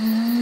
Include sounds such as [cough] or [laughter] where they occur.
Mm-hmm. [laughs]